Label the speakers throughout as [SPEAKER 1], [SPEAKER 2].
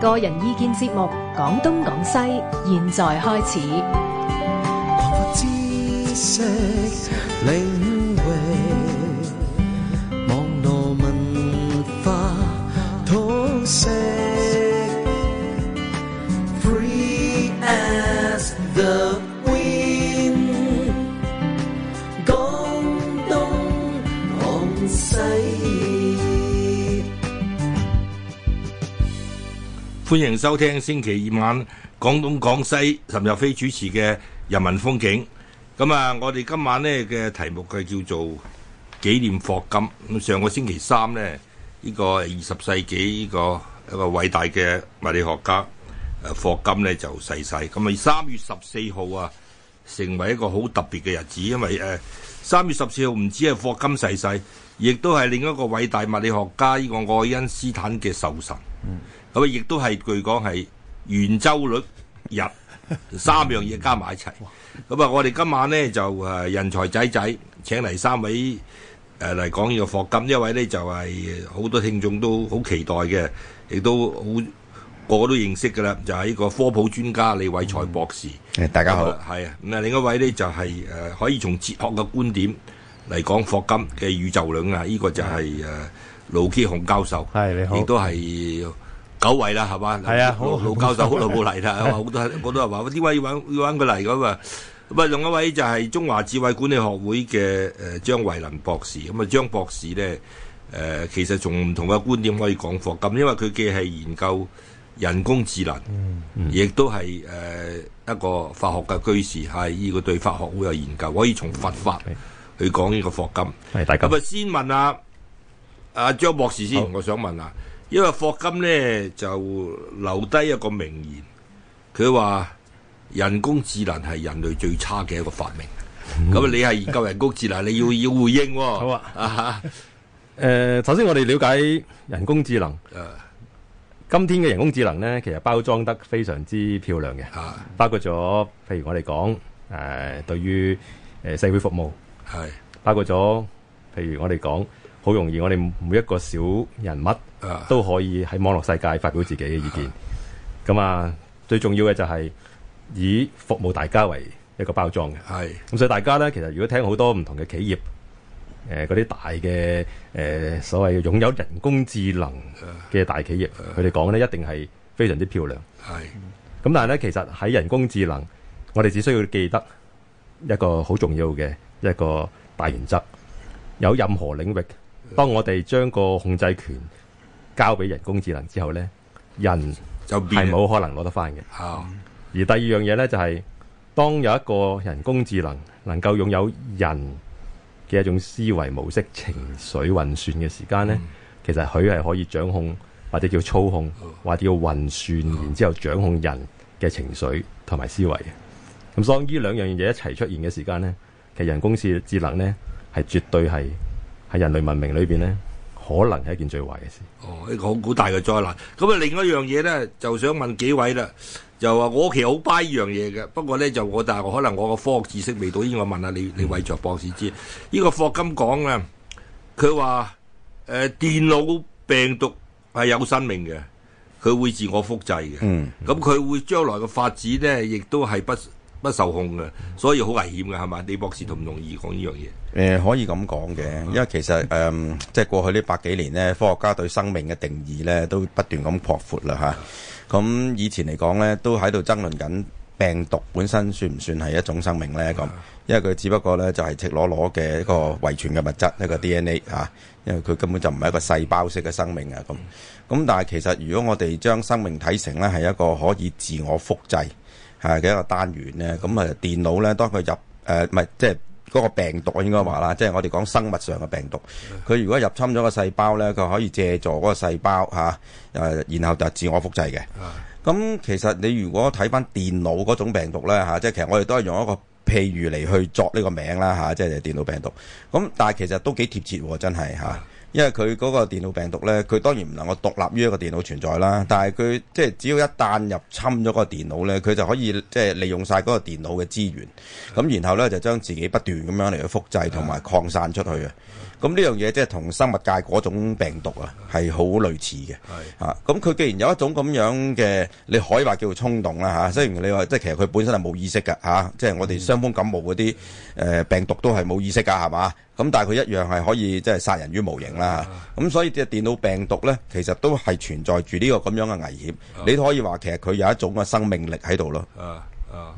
[SPEAKER 1] 個人意見節目講東講西，現在開始。
[SPEAKER 2] 歡迎收聽星期二晚廣東廣西岑逸飛主持嘅《人民風景》。咁啊，我哋今晚咧嘅題目係叫做紀念霍金。咁上個星期三呢，呢、這個二十世紀呢個一個偉大嘅物理學家霍金呢就逝世。咁啊，三月十四號啊，成為一個好特別嘅日子，因為誒三月十四號唔止係霍金逝世，亦都係另一個偉大物理學家呢、這個愛因斯坦嘅壽辰。嗯。咁亦都係據講係圓周率日三樣嘢加埋一齊。咁啊，我哋今晚咧就人才仔仔請嚟三位誒嚟、呃、講呢個霍金。一位咧就係、是、好多聽眾都好期待嘅，亦都好個個都認識噶啦。就係、是、呢個科普專家李偉才博士。大家好。係、呃、咁啊，另一位咧就係、是呃、可以從哲學嘅觀點嚟講霍金嘅宇宙論啊。呢、這個就係、是、盧、呃、傑雄教授。係你好。亦都係。久違啦，係嘛？係啊好，老教授好耐冇嚟啦，好多我都話點解要要揾佢嚟咁啊？咁啊，另一位就係中華智慧管理學會嘅誒張惠能博士，咁啊張博士咧誒、呃，其實從唔同嘅觀點可以講霍金，因為佢既係研究人工智能，亦、嗯嗯、都係誒、呃、一個法學嘅居士，係呢個對法學好有研究，可以從佛法去講呢個霍金。係大家咁啊，先問阿阿張博士先，好我想問啊。因為霍金呢，就留低一個名言，佢話人工智能係人類最差嘅一個發明。咁、嗯、你係研究人工智能， 你要要回應、哦。好啊，誒、啊
[SPEAKER 1] 呃，首先我哋了解人工智能。誒、啊，今天嘅人工智能呢，其實包裝得非常之漂亮嘅、啊，包括咗譬如我哋講誒，對於誒、呃、社會服務係，包括咗譬如我哋講。好容易，我哋每一個小人物都可以喺網絡世界發表自己嘅意見。咁啊，最重要嘅就係以服務大家為一個包裝嘅。係。咁所以大家咧，其實如果聽好多唔同嘅企業誒嗰啲大嘅誒、呃、所謂擁有人工智能嘅大企業，佢哋講咧一定係非常之漂亮。係。咁但係咧，其實喺人工智能，我哋只需要記得一個好重要嘅一個大原則，有任何領域。當我哋將個控制權交俾人工智能之後呢，人係冇可能攞得翻嘅。而第二樣嘢呢，就係、是，當有一個人工智能能夠擁有人嘅一種思維模式、情緒運算嘅時間呢，其實佢係可以掌控或者叫操控，或者叫運算，然後之後掌控人嘅情緒同埋思維嘅。咁當呢兩樣嘢一齊出現嘅時間呢，其實人工智能呢係絕對係，喺人類文明裏邊咧，可能係一件最壞嘅事。
[SPEAKER 2] 哦，呢個好古大嘅災難。咁啊，另一樣嘢咧，就想問幾位啦。就話我其實好 by 呢樣嘢嘅，不過咧就我，但係我可能我嘅科學知識未到，依我問下你，嗯、你偉才博士知呢、呢個霍金講啊，佢話誒電腦病毒係有生命嘅，佢會自我複製嘅。嗯。咁、嗯、佢會將來嘅發展咧，亦都係不不受控嘅，所以好危險嘅係嘛？李博
[SPEAKER 3] 士同唔同意講呢樣嘢？誒、呃，可以咁講嘅，因為其實誒，即、呃、係、就是、過去呢百幾年呢，科學家對生命嘅定義呢，都不斷咁擴闊啦吓。咁、啊嗯、以前嚟講呢，都喺度爭論緊病毒本身算唔算係一種生命呢？咁因為佢只不過呢，就係赤裸裸嘅一個遺傳嘅物質，嗯，一個 D N A 吓、啊，因為佢根本就唔係一個細胞式嘅生命啊。咁咁、嗯、但係其實如果我哋將生命睇成呢，係一個可以自我複製。係嘅一個單元咧，咁啊電腦咧，當佢入誒，唔、呃、係即係嗰個病毒應該話啦，即係我哋講生物上嘅病毒，佢如果入侵咗個細胞咧，佢可以借助嗰個細胞吓，誒、啊，然後就自我複製嘅。咁其實你如果睇翻電腦嗰種病毒咧吓、啊，即係其實我哋都係用一個譬喻嚟去作呢個名啦吓、啊，即係電腦病毒。咁但係其實都幾貼切真係吓。啊因為佢嗰個電腦病毒呢，佢當然唔能夠獨立於一個電腦存在啦。但係佢即係只要一旦入侵咗個電腦呢，佢就可以即係利用晒嗰個電腦嘅資源，咁、嗯、然後呢，就將自己不斷咁樣嚟去複製同埋擴散出去啊。咁呢樣嘢即係同生物界嗰種病毒啊，係、啊、好類似嘅。係啊，咁佢既然有一種咁樣嘅，你可以話叫做衝動啦嚇、啊。雖然你話即係其實佢本身係冇意識㗎、啊、即係我哋傷風感冒嗰啲誒病毒都係冇意識㗎係嘛。咁但係佢一樣係可以即係殺人於無形啦。咁、啊啊、所以隻電腦病毒咧，其實都係存在住呢個咁樣嘅危險。啊、你都可以話其實佢有一種嘅生命力喺度咯。
[SPEAKER 2] 啊啊，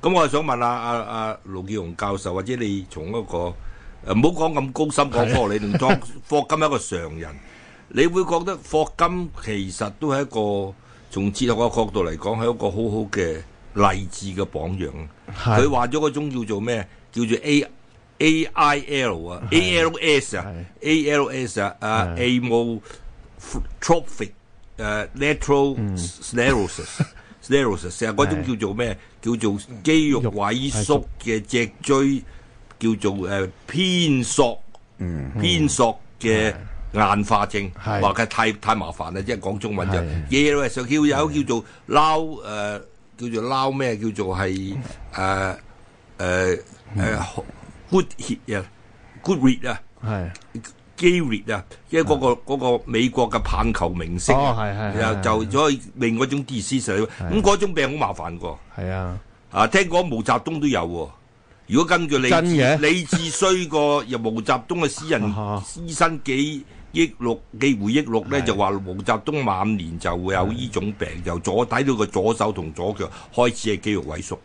[SPEAKER 2] 咁、嗯、我就想問下阿啊、啊盧傑雄教授，或者你從一、嗰個。誒唔好講咁高深，講科學你同霍 霍金係一個常人，你會覺得霍金其實都係一個從哲學嘅角度嚟講係一個好好嘅勵志嘅榜樣。佢話咗嗰種叫做咩？叫做 A A I L 啊 A, A, A,，A L S 啊、uh,，A L S 啊，呃，amyotrophic 呃、uh,，natural、嗯、sclerosis sclerosis，成日嗰種叫做咩？ 叫做肌肉萎縮嘅脊椎。叫做誒偏索，偏索嘅硬化症，話佢太太麻煩啦，即係講中文就，嘢都係想叫有叫做撈誒，叫做撈咩？叫做係誒誒誒 Gehrig 啊，Gehrig 啊，係 Gehrig 啊，即係嗰個嗰個美國嘅棒球明星，然後就咗另一種意思上，咁嗰種病好麻煩噶喎。係啊，啊聽講毛澤東都有喎。如果根據李、李志綏個由毛澤東嘅私人醫生記憶錄， 幾回憶錄咧，就話毛澤東晚年就會有呢種病，由左睇到個左手同左腳開始係肌肉萎縮。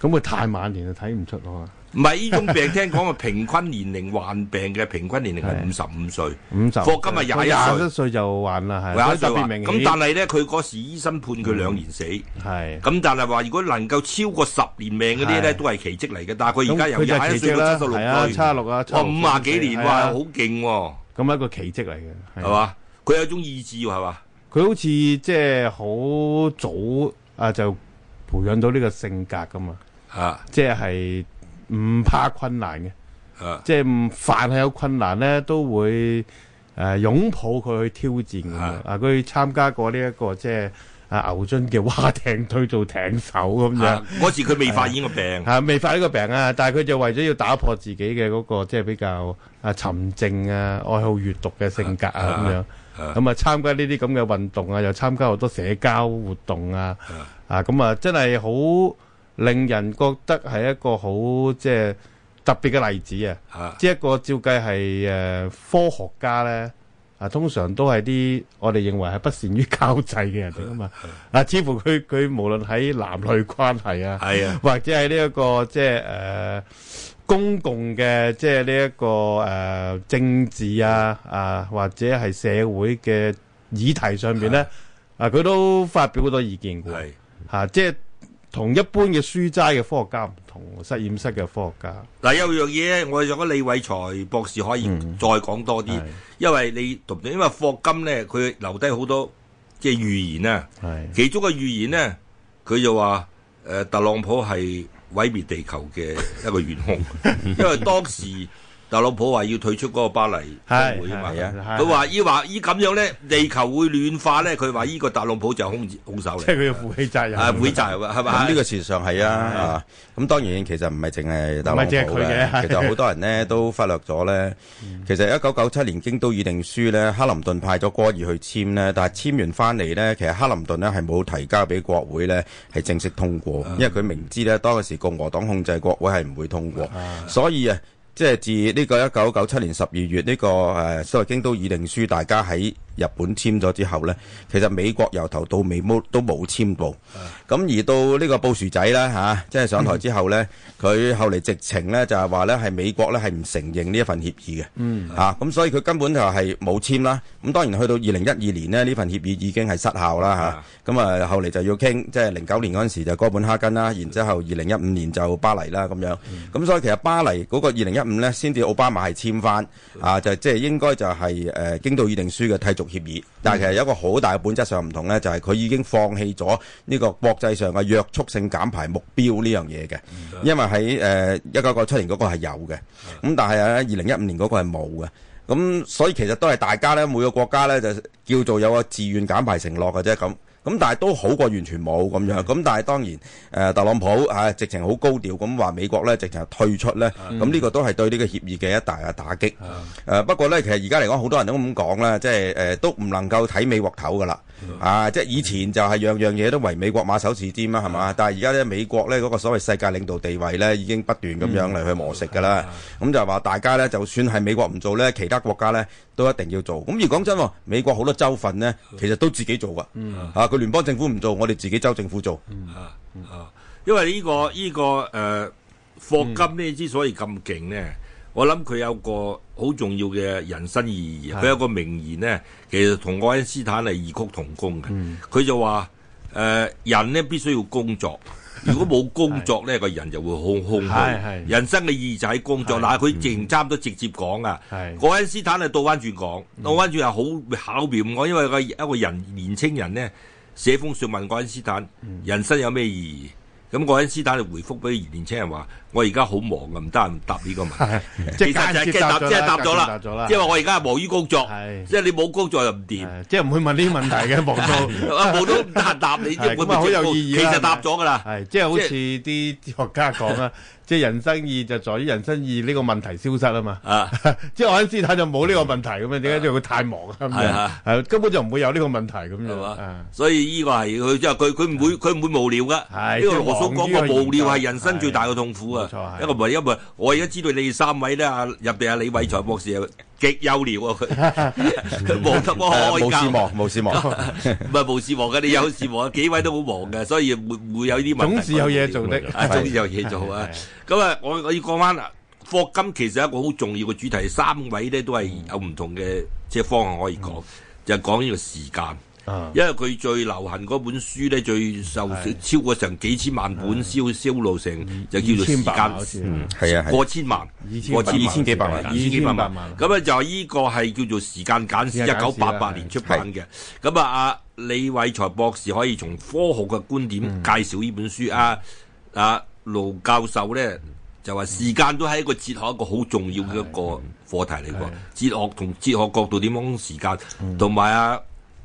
[SPEAKER 4] 咁佢太晚年就睇唔出咯。
[SPEAKER 2] 唔係呢種病，聽講啊，平均年齡患病嘅平均年齡係五十五歲，五十五，今日廿一
[SPEAKER 4] 歲就患啦，係廿一歲，咁但係
[SPEAKER 2] 咧，佢嗰時醫生判佢兩年死，係，咁但係話如果能夠超過十年命嗰啲咧，都係奇蹟嚟嘅。但係佢而家由廿一歲，歲，七十六，七十六啊，哦，五廿幾年哇，好勁喎！咁係一個奇蹟嚟嘅，係嘛？佢有一種意志係嘛？
[SPEAKER 4] 佢好似即係好早啊，就培養到呢個性格噶嘛，啊，即係。唔怕困難嘅、啊，即係凡係有困難咧，都會誒擁、呃、抱佢去挑戰啊，佢、啊、參加過呢、這、一個即係阿、啊、牛津嘅劃艇隊做艇手咁樣。嗰、啊啊、時佢未發
[SPEAKER 2] 現個病，吓、
[SPEAKER 4] 啊啊、未發現個病啊！但係佢就為咗要打破自己嘅嗰、那個即係比較沉啊沉靜啊愛好閱讀嘅性格啊咁、啊、樣。咁啊參加呢啲咁嘅運動啊，又參加好多社交活動啊。啊咁啊，真係好。令人覺得係一個好即係特別嘅例子啊！啊即一個照計係誒科學家咧啊，通常都係啲我哋認為係不善於交際嘅人嚟噶嘛啊，似乎佢佢無論喺男女關係啊，啊，或者係呢一個即係誒、呃、公共嘅即係呢一個誒、呃、政治啊啊、呃、或者係社會嘅議題上邊咧啊，佢、啊、都發表好多意見嘅吓、啊，即係。同一般嘅書齋嘅科學家唔同，實驗室嘅科學家。嗱，
[SPEAKER 2] 有樣嘢咧，我想李偉才博士可以再講多啲、嗯，因為你讀唔到，因為霍金咧，佢留低好多即係預言啊。係其中嘅預言咧，佢就話誒、呃、特朗普係毀滅地球嘅一個元兇， 因為當時。 特朗普話要退出嗰個巴黎
[SPEAKER 4] 會啊，佢話依
[SPEAKER 2] 話依咁樣咧，地球會暖化咧。佢話依個特朗普就係兇，兇手嚟，即係佢要負起責任啊，負責任係嘛？呢個
[SPEAKER 3] 事實上係啊，咁、啊啊、當然其實唔係淨係特朗普嘅，其實好多人呢都忽略咗咧。 其實一九九七年京都議定書咧，克林頓派咗戈爾去簽呢，但係簽完翻嚟呢，其實克林頓呢係冇提交俾國會呢，係正式通過，因為佢明知咧當嗰時共和黨控制國會係唔會通過，所以啊。即係自呢個一九九七年十二月呢個誒所謂《京都議定書》大家喺日本簽咗之後咧，其實美國由頭到尾都冇簽報。咁而到呢個布殊仔咧吓、啊，即係上台之後咧，佢、嗯、後嚟直情咧就係話咧係美國咧係唔承認呢一份協議嘅，嗯吓，咁、啊、所以佢根本就係冇簽啦。咁當然去到二零一二年咧，呢份協議已經係失效啦吓，咁、嗯、啊後嚟就要傾即係零九年嗰陣時就哥本哈根啦，然之後二零一五年就巴黎啦咁樣，咁、嗯啊、所以其實巴黎嗰個二零一五咧，先至奧巴馬係簽翻啊，就即、是、係應該就係、是、誒、呃、京都議定書嘅替續協議，嗯、但係其實有一個好大嘅本質上唔同咧，就係、是、佢已經放棄咗呢個國。國際上嘅約束性減排目標呢樣嘢嘅，因為喺誒一九九七年嗰個係有嘅，咁但係喺二零一五年嗰個係冇嘅，咁所以其實都係大家咧每個國家咧就叫做有個自願減排承諾嘅啫咁。咁、嗯、但係都好過完全冇咁樣，咁但係當然誒、呃，特朗普啊，直情好高調咁話美國咧，直情退出咧，咁、嗯、呢個都係對呢個協議嘅一大嘅打擊。誒、嗯啊、不過咧，其實而家嚟講，好多人都咁講啦，即係誒都唔能夠睇美國頭噶啦，啊，即係以前就係樣樣嘢都為美國馬首是瞻啊，係嘛？嗯、但係而家咧，美國咧嗰、那個所謂世界領導地位咧，已經不斷咁樣嚟去磨蝕噶啦。咁、嗯嗯嗯嗯、就話大家咧，就算係美國唔做咧，其他國家咧都一定要做。咁、嗯、而講真，美國好多州份呢，其實都自己做㗎。聯邦政府唔做，我哋自己州政府做啊啊、
[SPEAKER 2] 嗯嗯！因為呢、這個呢、這個誒霍、呃、金呢，之所以咁勁咧，我諗佢有個好重要嘅人生意義。佢有一個名言咧，其實同愛因斯坦係異曲同工嘅。佢、嗯、就話誒、呃、人咧必須要工作， 如果冇工作咧，個人就會好空虛。人生嘅意義就喺工作。但嗱，佢正差唔多直接講啊。愛因斯坦啊，倒翻轉講，倒翻轉係好巧妙。我，因為個一個人年青人咧。寫封信問愛因斯坦，人生有咩意義？咁愛因斯坦就回覆俾年青人話：我而家好忙嘅，唔得閒答呢個問。
[SPEAKER 4] 即係答咗啦，即係話
[SPEAKER 2] 我而家忙於工作。即係你冇
[SPEAKER 4] 工作又唔掂，即係唔會問呢啲問題嘅忙到，啊忙到唔得閒答你啲。咁啊好有意義啊。其實答咗噶啦。係即係好似啲科學家講啊。即係人生意就在於人生意呢個問題消失啊嘛！啊，即係我喺斯坦就冇呢個問題，咁樣點解，因為佢太忙啊？係啊，根本就唔會有呢個問題咁樣啊！
[SPEAKER 2] 所以依個係佢，即係佢佢唔會佢唔、啊、會無聊噶。係、啊這個啊啊就是，因為羅素講過無聊係人生最大嘅痛苦啊！一個唔係因為我而家知道你哋三位咧啊，入邊，啊李偉才博士啊。嗯嗯極有聊喎、啊、佢忙得我開、啊，冇事忙冇事忙，唔係冇事忙嘅， 你有事忙，幾位都好忙嘅，所以會會有啲問題。總是有嘢做啲，總是有嘢做啊！咁啊，啊，我我要講翻啦，霍金其實一個好重要嘅主題，三位咧都係有唔同嘅即係方案可以講，就講呢個時間。嗯、因為佢最流行嗰本書咧，最受超過成幾千萬本銷銷路，成就叫做時間，係啊、嗯，過千萬，過千二千幾百萬，二千幾百萬。咁啊，千萬千萬就呢個係叫做時間簡史，一九八八年出版嘅。咁啊，阿李偉才博士可以從科學嘅觀點介紹呢本書啊、嗯。啊，盧教授咧就話時間都係一個哲學、嗯、一個好重要嘅一個課題嚟嘅、嗯，哲學同哲學角度點樣時間，同、嗯、埋啊。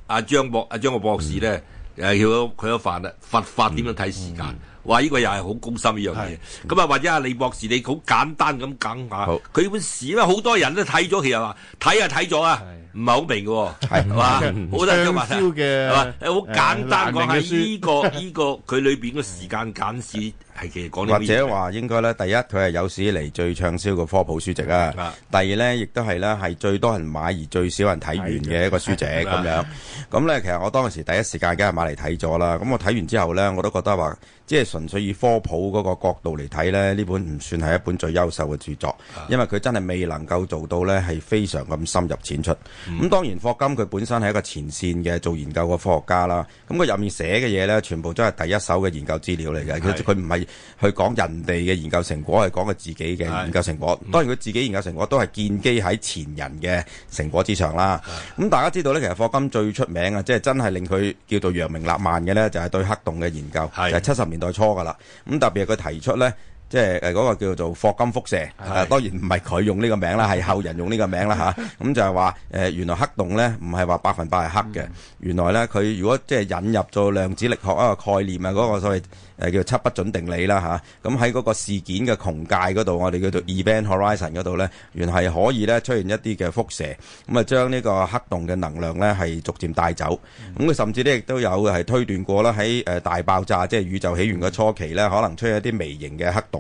[SPEAKER 2] 阿、啊、張博，阿、啊、張個博，博士咧，誒、嗯、叫咗佢一份啦。佛法點樣睇時間？話、嗯、呢、嗯、個又係好高深依樣嘢。咁啊，或者阿李博士，你好簡單咁講吓，佢、嗯啊、本書咧，好多人都睇咗，其實話睇啊睇咗啊。唔係好明喎，
[SPEAKER 3] 係嘛？好難
[SPEAKER 2] 嘅問題，係嘛？好簡單，講喺呢個呢個佢裏邊嘅時間簡史係點講？或者話
[SPEAKER 3] 應該咧，第一佢係有史以嚟最暢銷嘅科普書籍啊！第二咧，亦都係咧係最多人買而最少人睇完嘅一個書籍咁樣。咁咧，其實我當時第一時間梗係買嚟睇咗啦。咁我睇完之後咧，我都覺得話，即係純粹以科普嗰個角度嚟睇咧，呢本唔算係一本最優秀嘅著作，因為佢真係未能夠做到咧係非常咁深入淺出。咁、嗯、當然霍金佢本身係一個前線嘅做研究嘅科學家啦，咁佢入面寫嘅嘢呢，全部都係第一手嘅研究資料嚟嘅。佢佢唔係去講人哋嘅研究成果，係講佢自己嘅研究成果。當然佢自己研究成果都係建基喺前人嘅成果之上啦。咁、嗯、大家知道呢，其實霍金最出名啊，即係真係令佢叫做揚名立萬嘅呢，就係對黑洞嘅研究，係七十年代初噶啦。咁特別係佢提出呢。即係誒嗰個叫做霍金輻射，誒、啊、當然唔係佢用呢個名啦，係後人用呢個名啦吓，咁、啊、就係話誒原來黑洞咧唔係話百分百係黑嘅，嗯，原來咧佢如果即係引入咗量子力學嗰個概念啊，嗰、那個、所謂誒、呃、叫測不準定理啦吓，咁喺嗰個事件嘅窮界嗰度，我哋叫做 event horizon 嗰度咧，原係可以咧出現一啲嘅輻射，咁啊將呢個黑洞嘅能量咧係逐漸帶走。咁、嗯、佢、啊、甚至咧亦都有係推斷過啦，喺大爆炸即係、就是、宇宙起源嘅初期咧、嗯，可能出現一啲微型嘅黑洞。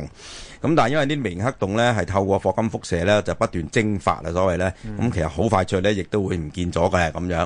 [SPEAKER 3] 咁但係因為啲微黑洞咧係透過霍金輻射咧就不斷蒸發啦，所謂咧，咁其實好快脆咧亦都會唔見咗嘅咁樣。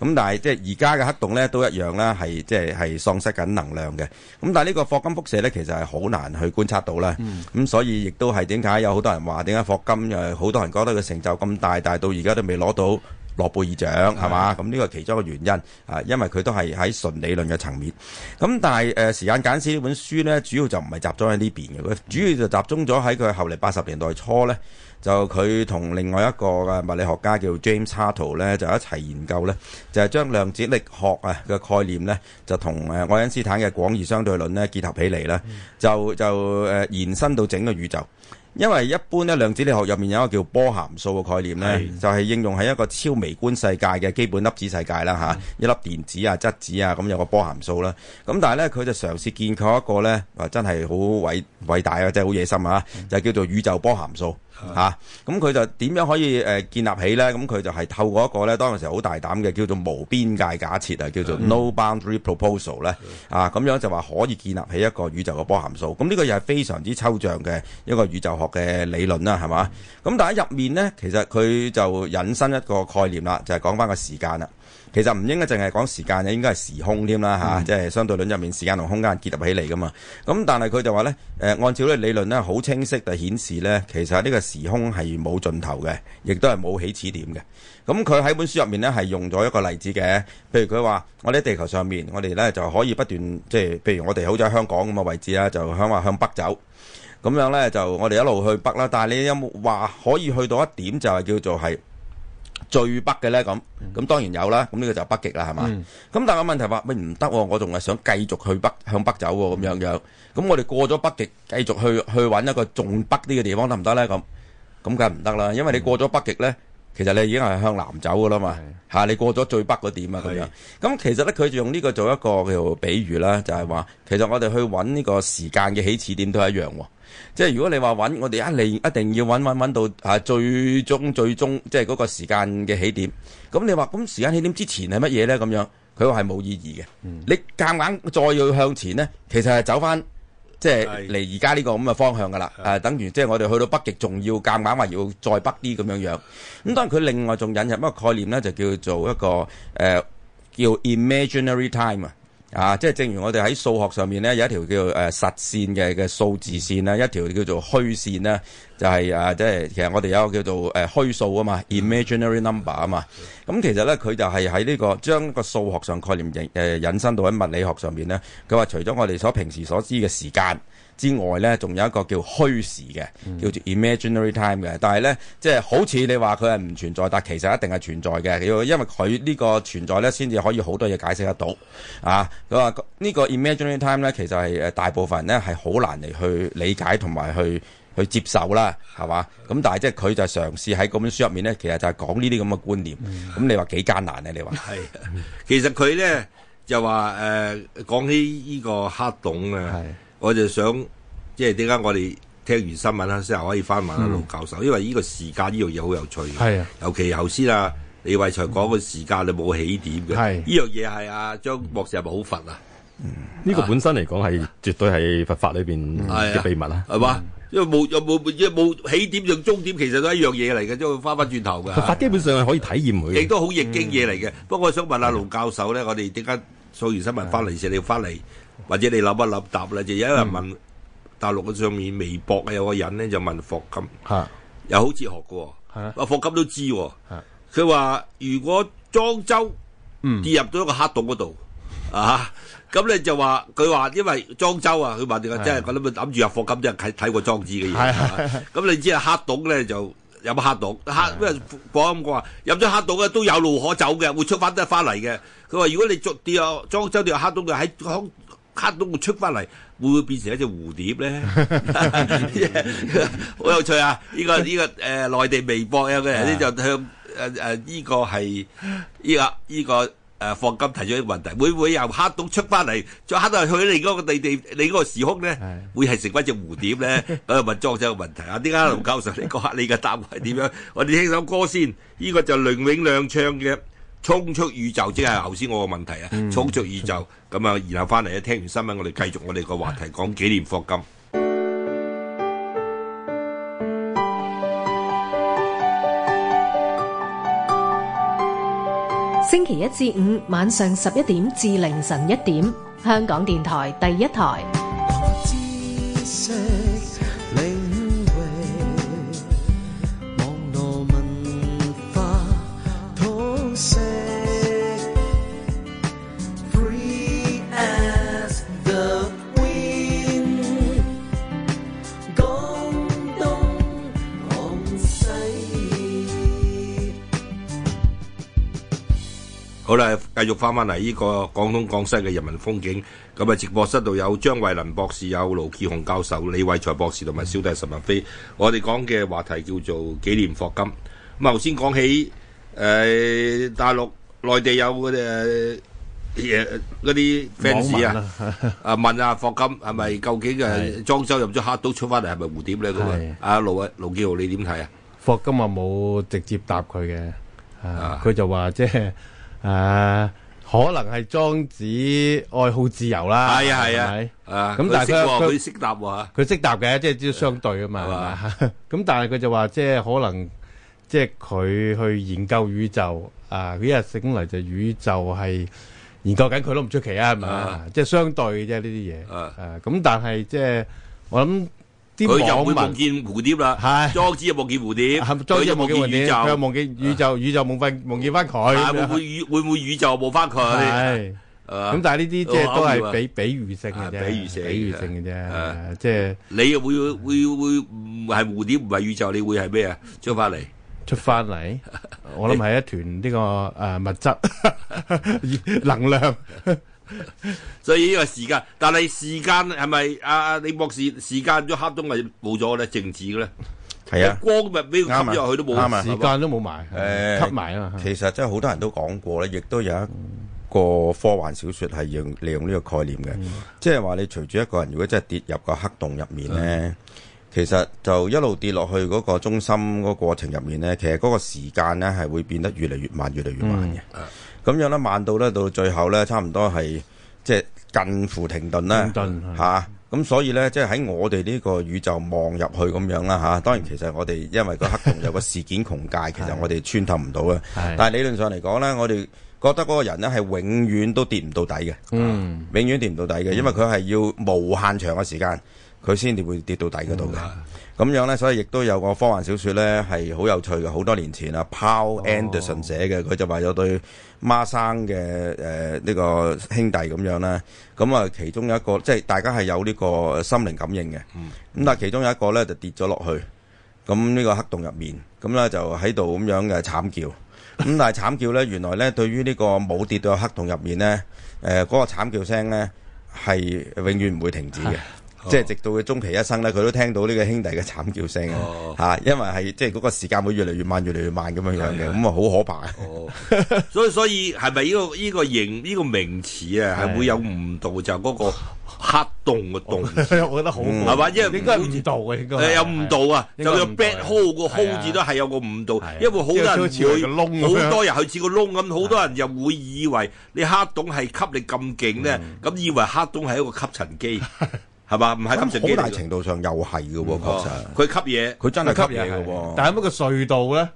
[SPEAKER 3] 咁但係即係而家嘅黑洞咧都一樣啦，係即係係喪失緊能量嘅。咁但係呢個霍金輻射咧其實係好難去觀察到啦。咁所以亦都係點解有好多人話點解霍金誒，好多人覺得佢成就咁大，但係到而家都未攞到。諾貝爾獎係嘛？咁呢個其中一個原因啊，因為佢都係喺純理論嘅層面。咁但係誒時間簡史呢本書呢主要就唔係集中喺呢邊嘅，佢主要就集中咗喺佢後嚟八十年代初呢，就佢同另外一個嘅物理學家叫 James Hartle 咧，就一齊研究呢，就係將量子力學啊嘅概念呢，就同誒愛因斯坦嘅廣義相對論呢結合起嚟啦，就就誒延伸到整個宇宙。因為一般咧，量子力學入面有一個叫波函數嘅概念咧，就係、是、應用喺一個超微觀世界嘅基本粒子世界啦吓、啊，一粒電子啊、質子啊，咁有個波函數啦。咁但係咧，佢就嘗試建構一個咧、啊，真係好偉偉大啊，真係好野心啊、嗯，就叫做宇宙波函數。嚇、嗯、咁、啊、佢就點樣可以誒、呃、建立起呢？咁佢就係透過一個咧，當陣時好大膽嘅叫做無邊界假設啊、嗯，叫做 No Boundary Proposal 咧、嗯，啊咁樣就話可以建立起一個宇宙嘅波函數。咁呢個又係非常之抽象嘅一個宇宙學嘅理論啦，係嘛？咁、嗯、但係入面呢，其實佢就引申一個概念啦，就係、是、講翻個時間啦。其實唔應該淨係講時間，應該係時空添啦、啊嗯、即係相對論入面時間同空間結合起嚟噶嘛。咁但係佢就話咧、呃，按照呢個理論咧，好清晰地顯示咧，其實呢個時空係冇盡頭嘅，亦都係冇起始點嘅。咁佢喺本書入面咧係用咗一個例子嘅，譬如佢話我哋喺地球上面，我哋咧就可以不斷即係，譬如我哋好似香港咁嘅位置啦，就向話向北走，咁樣咧就我哋一路去北啦。但係你有冇話可以去到一點，就係叫做係？最北嘅咧咁，咁當然有啦。咁呢個就北極啦，係嘛？咁、嗯、但係個問題話，咪唔得喎？我仲係想繼續去北向北走喎、啊，咁樣樣。咁、嗯、我哋過咗北極，繼續去去揾一個仲北啲嘅地方得唔得咧？咁咁梗係唔得啦，因為你過咗北極咧，其實你已經係向南走噶啦嘛。吓，你過咗最北嗰點啊，咁樣。咁其實咧，佢就用呢個做一個叫比喻啦，就係話，其實我哋去揾呢個時間嘅起始點都係一樣喎。即係如果你話揾我哋一嚟，一定要揾揾揾到啊最終最終即係嗰個時間嘅起點，咁你話咁時間起點之前係乜嘢咧？咁樣佢話係冇意義嘅。嗯、你夾硬，硬再要向前咧，其實係走翻即係嚟而家呢個咁嘅方向噶啦、嗯啊。等於即係我哋去到北極，仲要夾硬話要再北啲咁樣樣。咁當然佢另外仲引入一個概念咧，就叫做一個誒、呃、叫 Imaginary Time。啊，即係正如我哋喺數學上面咧，有一條叫做誒、呃、實線嘅嘅數字線啦，一條叫做虛線啦，就係、是、啊，即係其實我哋有一個叫做誒虛數啊嘛，imaginary number 啊嘛，咁、嗯、其實咧佢就係喺呢個將個數學上概念引、呃、引申到喺物理學上面咧，佢話除咗我哋所平時所知嘅時間，之外咧，仲有一個叫虛時嘅，叫做 imaginary time 嘅。但係咧，即係好似你話佢係唔存在，但其實一定係存在嘅。因為佢呢個存在咧，先至可以好多嘢解釋得到啊。佢話呢個 imaginary time 咧，其實係誒大部分咧係好難嚟去理解同埋去去接受啦，係嘛？咁但係即係佢就嘗試喺嗰本書入面咧，其實就係講呢啲咁嘅觀念。咁、嗯、你話幾艱難咧？你話、
[SPEAKER 2] 啊、其實佢咧就話誒、呃、講起呢個黑洞啊。我就想，即係點解我哋聽完新聞咧先可以翻問下盧、嗯、教授，因為呢個時間呢樣嘢好有趣
[SPEAKER 4] 嘅。
[SPEAKER 1] 啊，
[SPEAKER 2] 尤其頭先啊，李偉才講個時間
[SPEAKER 1] 你冇、嗯、起點嘅。係，
[SPEAKER 2] 依樣嘢係啊，張博士係咪好佛啊？呢、嗯嗯
[SPEAKER 1] 這個本身嚟講係絕對係佛法裏邊嘅秘密啊，係嘛、啊嗯？
[SPEAKER 2] 因為冇又冇冇起點，用終點其實都係一樣嘢嚟嘅，即係翻翻轉頭㗎。佛法基
[SPEAKER 1] 本上係可以體驗佢。亦都
[SPEAKER 2] 好易經嘢嚟嘅。不過我想問下盧、嗯、教授咧，我哋點解掃完新聞翻嚟時、啊、你要翻嚟？或者你諗一諗答啦，就有人問大陸嘅上面微博啊有個人咧就問霍金，又好哲學嘅，阿霍金都知、哦，佢話如果莊周跌入咗一個黑洞嗰度、嗯、啊，咁你就話佢話因為莊周啊，佢問點解，即係嗰啲諗住入霍金即係睇睇過莊子嘅嘢，咁、啊 啊、你知啊黑洞咧就有冇黑洞？黑咩？霍金話入咗黑洞嘅都有路可走嘅，會出翻得翻嚟嘅。佢話如果你捉跌啊莊周跌入黑洞佢喺黑洞會出翻嚟，會唔會變成一隻蝴蝶咧？好 有趣啊！呢、這個依、這個誒、呃、內地微博有嘅人咧，就向誒誒依個係依霍金提出啲問題，會唔會由黑洞出翻嚟，再黑到去你嗰個地地你嗰個時空咧， 會係成為一隻蝴蝶咧？咁啊問莊生問題啊，點解盧教授，你講下你嘅答案係點樣？我哋聽首歌先，呢、這個就梁永亮唱嘅。衝出宇宙，即係頭先我嘅問題啊！衝出宇宙，咁啊，然後翻嚟啊，聽完新聞，我哋繼續我哋個話題講紀念霍金。
[SPEAKER 1] 星期一至五晚上十一點至凌晨一點，香港電台第一台。
[SPEAKER 2] 好啦，繼續翻翻嚟呢個廣東廣西嘅人民風景。咁啊，直播室度有張惠能博士、有盧傑雄教授、李偉才博士同埋小弟岑逸飛。我哋講嘅話題叫做紀念霍金。咁、呃呃、啊，頭先講起誒，大陸內地有嘅嘢嗰啲 fans 啊，啊問阿霍金係咪究竟係裝修入咗黑道出翻嚟，係咪蝴蝶咧？佢阿盧啊，盧傑雄，你
[SPEAKER 4] 點睇啊？霍金啊，冇直接答佢嘅，佢就話即係。誒、啊，可能係莊子愛好自由啦，係啊係啊，誒，咁、啊啊、但係佢佢識答喎、啊，佢識答嘅、就是啊， 即係只要相對啊嘛，係咪？咁但係佢就話，即係可能，即係佢去研究宇宙，啊，佢一日醒嚟就宇宙係研究緊，佢都唔出奇啊，係咪？即係相對嘅啫呢啲嘢，誒，咁、啊啊、但係即係我諗。佢又會夢
[SPEAKER 2] 見蝴蝶啦，莊子又夢見蝴蝶，莊子又夢見，見，見宇宙，又
[SPEAKER 4] 夢見宇宙，宇宙夢瞓夢見翻佢、啊，會會唔
[SPEAKER 2] 會，會宇宙夢翻佢？咁、啊、但係呢啲即係都係比比喻性嘅啫，比喻性嘅啫，即係、啊啊啊就是、你又會會會唔係蝴蝶唔係宇宙，你
[SPEAKER 4] 會係咩、 這個、啊？出翻嚟？出翻嚟？我諗係一團呢個誒物質能量。
[SPEAKER 2] 所以呢個時間，但係時間係咪阿阿李博士時間咗黑洞咪冇咗咧？靜止咧？係啊，光咪俾吸入去都冇，埋、啊啊，時間都冇埋，誒、呃，
[SPEAKER 3] 吸埋啊！其實真係好多人都講過咧，亦、嗯、都有一個科幻小說係用利用呢個概念嘅，即係話你隨住一個人如果真係跌入一個黑洞入面咧、嗯，其實就一路跌落去嗰個中心嗰過程入面咧，其實嗰個時間咧係會變得越嚟越慢，越嚟越慢嘅。嗯咁樣咧，慢到咧，到最後咧，差唔多係即係近乎停頓啦。停頓咁、啊、所以咧，即係喺我哋呢個宇宙望入去咁樣啦嚇、啊。當然其實我哋因為個黑洞有個事件穹界， 其實我哋穿透唔到嘅。但係理論上嚟講咧，我哋覺得嗰個人咧係永遠都跌唔到底嘅。嗯，永遠跌唔到底嘅，因為佢係要無限長嘅時間，佢先至會跌到底嗰度嘅。咁、嗯、樣咧，所以亦都有個科幻小說咧係好有趣嘅，好多年前啊 Poul Anderson 寫嘅，佢就話咗對。孖生嘅誒呢個兄弟咁樣咧，咁啊其中有一個即係大家係有呢個心靈感應嘅。嗯咁但係其中有一個咧就跌咗落去，咁呢個黑洞入面，咁咧就喺度咁樣嘅慘叫。咁但係慘叫咧，原來咧對於呢個冇跌到黑洞入面咧，誒嗰個慘叫聲咧係永遠唔會停止嘅。即係直到佢終其一生咧，佢都聽到呢個兄弟嘅慘叫聲啊！嚇，因為係即係嗰個時間會越嚟越慢，越嚟越慢咁樣樣嘅，咁啊好可怕。
[SPEAKER 2] 所以所以係咪呢個呢個形呢個名詞啊，係會有誤導就嗰個黑洞嘅洞？係啊，我覺得好，係嘛？
[SPEAKER 4] 因為誤導嘅應該誒有誤導啊，就有 black
[SPEAKER 2] hole 個 hole 字都係有個誤導，因為好多人會好多人係似個窿咁，好多人又會以為你黑洞係吸力咁勁咧，咁以為黑洞係一個吸塵機。
[SPEAKER 3] 係嘛？唔係咁，好大程度上又係嘅喎、嗯，確實。佢、哦、吸嘢，佢真係吸嘢嘅喎。但係喺乜嘅隧道呢？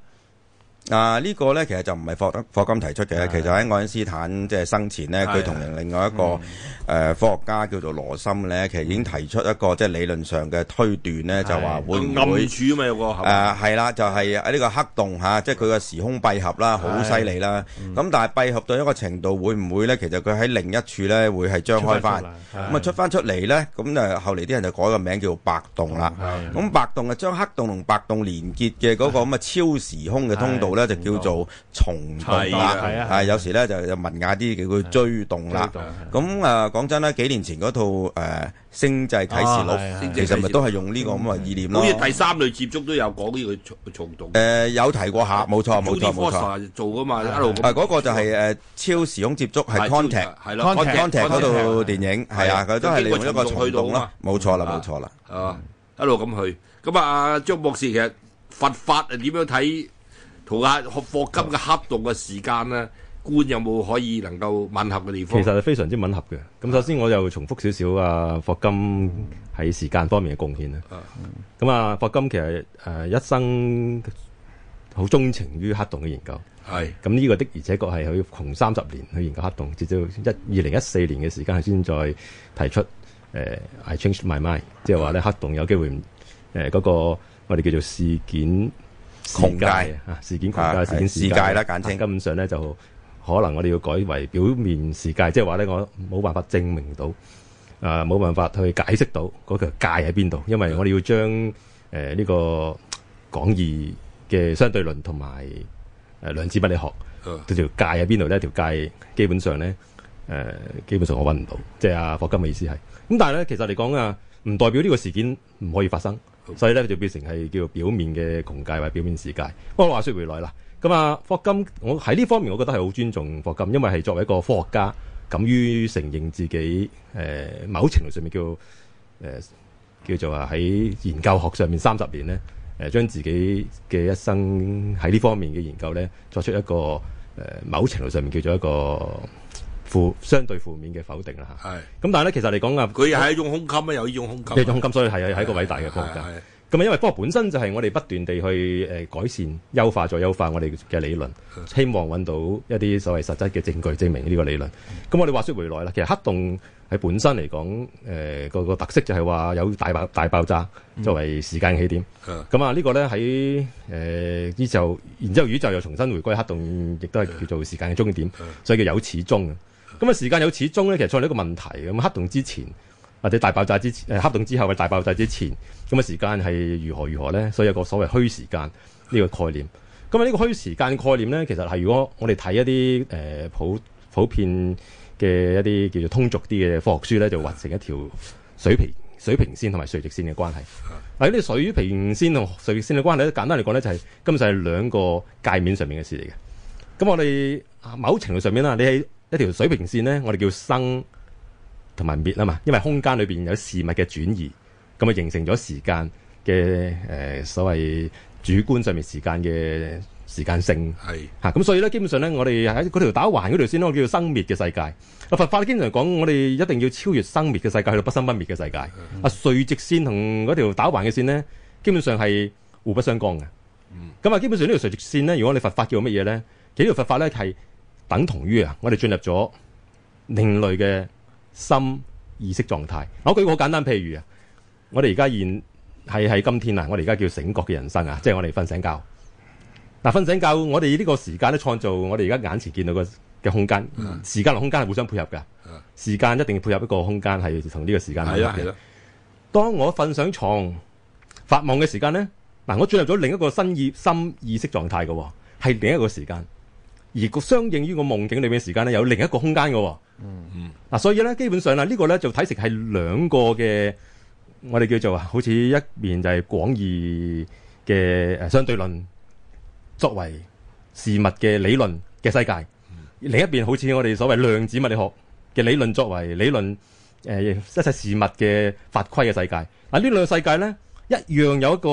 [SPEAKER 3] 啊！呢、呢個呢，其實就唔係霍金霍金提出嘅，其實喺愛因斯坦即係生前呢，佢同另另外一個誒、嗯呃、科學家叫做羅森呢，其實已經提出一個即係、就是、理論上嘅推斷呢，就話會唔會暗處
[SPEAKER 2] 嘛、這個、合啊嘛個誒
[SPEAKER 3] 係啦，就係喺呢個黑洞嚇，即係佢嘅時空閉合啦，好犀利啦。咁、嗯、但係閉合到一個程度，會唔會呢？其實佢喺另一處呢，會係張開翻，咁啊出翻出嚟呢？咁後後嚟啲人就改個名叫白洞啦。咁、嗯、白洞啊，將黑洞同白洞連結嘅嗰個咁嘅超時空嘅通道。咧就叫做重動啦，啊有時咧就文雅啲叫佢追動啦。咁啊講真咧，幾年前嗰套誒《星際啟示錄》，其實咪都係用呢個咁嘅意念咯。好似第
[SPEAKER 2] 三類接觸都有講呢個重重
[SPEAKER 3] 動。誒有提過下，冇錯冇錯冇錯。
[SPEAKER 2] 做㗎嘛，一路。誒嗰個就係
[SPEAKER 3] 誒超時空接觸，係 contact，係啦 contact 嗰套電影，係啊，佢都係利用一個重動咯，冇錯啦，冇錯啦，
[SPEAKER 2] 係嘛，一路咁去。咁啊，張博士其實佛法係點樣睇？同阿霍金嘅黑洞嘅時間呢，觀有冇可以能夠吻合嘅地方？其實係
[SPEAKER 1] 非常之吻合嘅。咁首先我又重複少少啊，霍金喺時間方面嘅貢獻啊。咁、嗯、啊，霍金其實一生好鍾情於黑洞嘅研究。咁呢個的而且確係佢窮三十年去研究黑洞，直至一二零一四年嘅時間先再提出誒、呃、I changed my mind，即係話咧黑洞有機會嗰、呃，那個我哋叫做事件界啊！事件，事件，事件視界啦，簡稱。根本上咧，就可能我哋要改為表面視界，即係話咧，我冇辦法證明到，啊冇辦法去解釋到嗰條界喺邊度，因為我哋要將誒呢個廣義嘅相對論同埋誒量子物理學，條界喺邊度咧？條界基本上咧，誒基本上我揾唔到。即係阿霍金嘅意思係，咁但係咧，其實嚟講啊，唔代表呢個事件唔可以發生。所以咧就變成係叫做表面嘅境界或者表面世界。不過話說回來啦，咁啊霍金，我喺呢方面我覺得係好尊重霍金，因為係作為一個科學家，敢於承認自己誒、呃、某程度上面叫誒、呃、叫做啊喺研究學上面三十年咧誒、呃，將自己嘅一生喺呢方面嘅研究咧作出一個誒、呃、某程度上面叫做一個。負相對負面嘅否定啦嚇，係咁但係咧其實嚟講啊，佢又係一種
[SPEAKER 2] 胸襟啊，有呢種胸襟，呢種胸襟，
[SPEAKER 1] 所以係係一個偉大嘅科學家。咁因為科學本身就係我哋不斷地去改善、優化再優化我哋嘅理論，希望搵到一啲所謂實質嘅證據證明呢個理論。咁我哋話說回來啦，其實黑洞喺本身嚟講誒個個特色就係話有大爆大爆炸作為時間起點。咁啊呢個咧喺誒宇宙，然之後宇宙又重新回歸黑洞，亦都係叫做時間嘅終點，所以叫有始終。咁啊！時間有始終咧，其實出現一個問題，咁黑洞之前或者大爆炸之前，呃、黑洞之後嘅大爆炸之前咁啊，時間係如何如何咧？所以有個所謂虛時間呢個概念。咁啊，呢個虛時間概念咧，其實係如果我哋睇一啲誒、呃、普普遍嘅一啲叫做通俗啲嘅科學書咧，就畫成一條水平水平線同埋垂直線嘅關係。嗱，呢水平線同垂直線嘅關係咧，簡單嚟講咧就係根本就係兩個界面上面嘅事嚟嘅。咁我哋某程度上面啦，你喺一條水平線呢，我哋叫生同埋滅啊嘛，因為空間裏邊有事物嘅轉移，咁啊形成咗時間嘅誒所謂主觀上面時間嘅時間性係吓，咁、啊、所以咧基本上咧，我哋喺嗰條打橫嗰條線我叫生滅嘅世界。阿佛法基本上經常講，我哋一定要超越生滅嘅世界，去到不生不滅嘅世界。阿、嗯啊、垂直線同嗰條打橫嘅線呢，基本上係互不相干嘅。咁、嗯、啊，基本上呢條垂直線呢，如果你佛法叫乜嘢咧？其實呢條佛法咧係。等同於啊，我哋進入咗另類嘅心意識狀態。我舉個簡單譬如啊，我哋而家現係喺今天啊，我哋而家叫醒覺嘅人生啊、嗯，即係我哋瞓醒覺。嗱，瞓醒覺，我哋呢個時間咧創造我哋而家眼前見到嘅嘅空間，嗯、時間同空間係互相配合嘅、嗯。時間一定要配合一個空間，係從呢個時間嚟嘅。當我瞓上床發夢嘅時間咧，嗱，我進入咗另一個心意、心意識狀態嘅，係另一個時間。而個相應於個夢境裏邊嘅時間咧，有另一個空間嘅喎。嗯嗯。嗱，所以咧，基本上啦，呢個咧就睇成係兩個嘅，我哋叫做啊，好似一面就係廣義嘅誒相對論作為事物嘅理論嘅世界，另一邊好似我哋所謂量子物理學嘅理論作為理論誒一切事物嘅法規嘅世界。嗱，呢兩個世界咧一樣有一個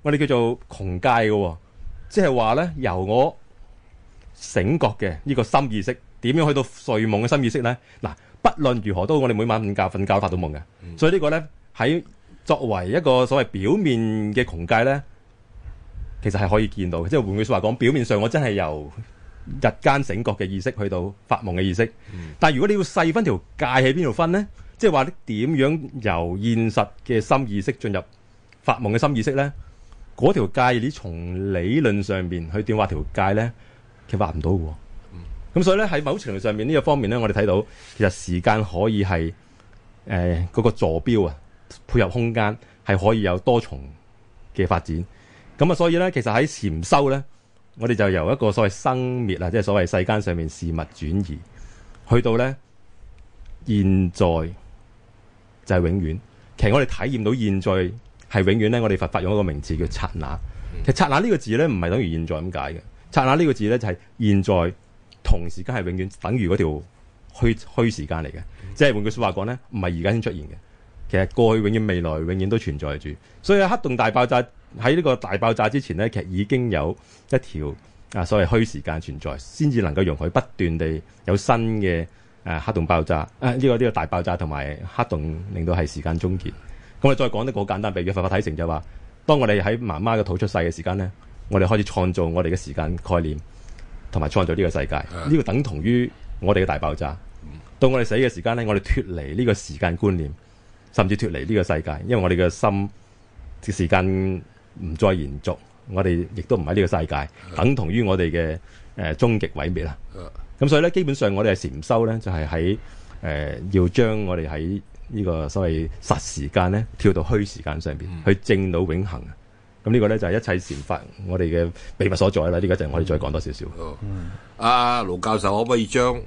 [SPEAKER 1] 我哋叫做窮界嘅喎，即係話咧由我醒覺嘅呢個心意識點樣去到睡夢嘅心意識呢？嗱，不論如何都，我哋每晚瞓覺、瞓覺發到夢嘅。嗯、所以呢個呢，喺作為一個所謂表面嘅窮界呢，其實係可以見到嘅。即係換句說話講，表面上我真係由日間醒覺嘅意識去到發夢嘅意識。嗯、但如果你要細分條界喺邊度分呢？即係話你點樣由現實嘅心意識進入發夢嘅心意識呢？嗰條界你從理論上面去點劃條界呢。佢畫唔到嘅。咁所以咧，喺某程度上面呢個方面咧，我哋睇到其實時間可以係誒嗰個坐標啊，配合空間係可以有多重嘅發展。咁啊，所以咧，其實喺禪修咧，我哋就由一個所謂生滅啊，即係所謂世間上面事物轉移去到咧現在就係永遠。其實我哋體驗到現在係永遠咧，我哋佛法用一個名字叫剎那。其實剎那呢個字咧，唔係等於現在咁解嘅。剎那呢個字咧就係、是、現在同時間係永遠等於嗰條虛虛時間嚟嘅，即係換句話說話講咧，唔係而家先出現嘅，其實過去永遠，未來永遠都存在住。所以黑洞大爆炸，喺呢個大爆炸之前咧，其實已經有一條啊所謂虛時間存在，先至能夠容許不斷地有新嘅誒、啊、黑洞爆炸啊、呢、呢個呢、呢個大爆炸同埋黑洞令到係時間終結。咁我哋再講一個好簡單，譬如佛法睇成就話，當我哋喺媽媽嘅肚出世嘅時間咧。我哋開始創造我哋嘅時間概念，同埋創造呢個世界，呢個等同於我哋嘅大爆炸。到我哋死嘅時間呢我哋脱離呢個時間觀念，甚至脱離呢個世界，因為我哋嘅心嘅時間唔再延續，我哋亦都唔喺呢個世界，等同於我哋嘅誒終極毀滅啦。咁所以呢，基本上我哋係禪修呢，就係喺誒要將我哋喺呢個所謂實時間呢，跳到虛時間上邊，去證到永恆。咁呢個咧就係、是、一切善法，我哋嘅秘密所在啦。呢個一陣我哋再講多少少。嗯，阿、
[SPEAKER 2] 啊、盧教授可唔可以將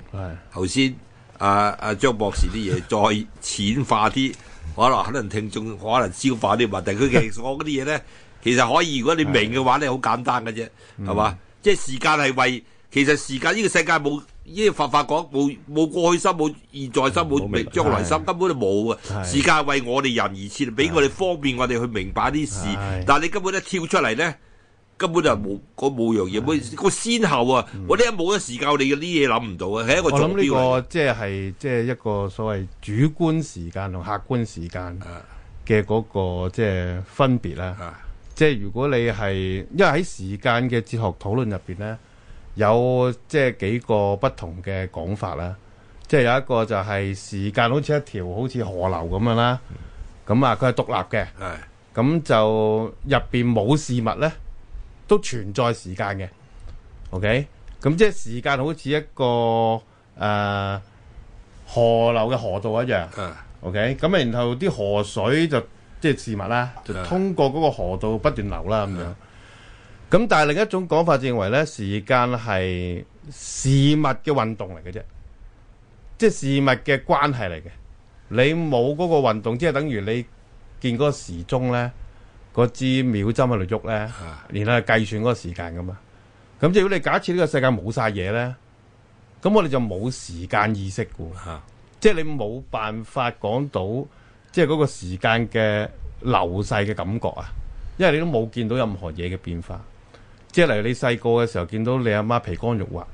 [SPEAKER 2] 頭先阿阿張博士啲嘢再淺化啲？可 能可能聽眾可能消化啲問題。佢其實講嗰啲嘢咧，其實可以。如果你明嘅話咧，好簡單嘅啫，係、嗯、嘛？即係時間係為其實時間呢、這個世界冇。因為佛法講冇，冇過去心，冇現在心，冇將來心根本就冇啊！時間係為我哋人而設，俾我哋方便我哋去明白啲事。但係你根本一跳出嚟咧，根本就冇冇樣嘢，個個先後啊！我哋一冇咗時間，你嘅啲嘢諗唔到啊！係一個總個
[SPEAKER 4] 即係即係一個所謂主觀時間同客觀時間嘅嗰個即係分別啦。即係、就是、如果你係因為喺時間嘅哲學討論入邊咧。有即係幾個不同嘅講法啦，即係有一個就係、是、時間好似一條好似河流咁樣啦，咁啊佢係獨立嘅，咁的就入邊冇事物咧，都存在時間嘅，OK，咁即係時間好似一個誒、呃、河流嘅河道一樣的，OK，咁啊然後啲河水就即係事物啦，就的通過嗰個河道不斷流啦咁的樣。咁但係另一種講法就認為咧，時間係事物嘅運動嚟嘅啫，即係事物嘅關係嚟嘅。你冇嗰個運動，即係等於你見嗰個時鐘咧，嗰支秒針喺度喐咧，然後計算嗰個時間㗎嘛。咁如果你假設呢個世界冇晒嘢咧，咁我哋就冇時間意識嘅、啊，即係你冇辦法講到即係嗰個時間嘅流逝嘅感覺啊，因為你都冇見到任何嘢嘅變化。即係例如你細個嘅時候見到你阿媽皮光肉滑，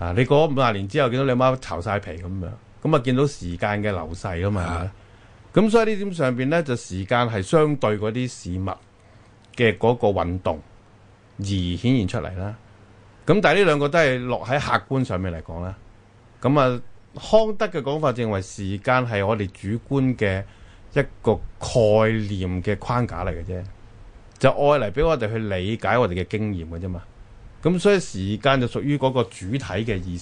[SPEAKER 4] 啊，你過咗五十年之後見到你阿媽巢晒皮咁樣，咁啊見到時間嘅流逝啦嘛，咁、啊、所以呢點上邊咧就時間係相對嗰啲事物嘅嗰個運動而顯現出嚟啦。咁但係呢兩個都係落喺客觀上面嚟講啦。咁啊康德嘅講法認為時間係我哋主觀嘅一個概念嘅框架嚟嘅啫。就愛嚟俾我哋去理解我哋嘅經驗嘅啫嘛，咁所以時間就屬於嗰個主體嘅意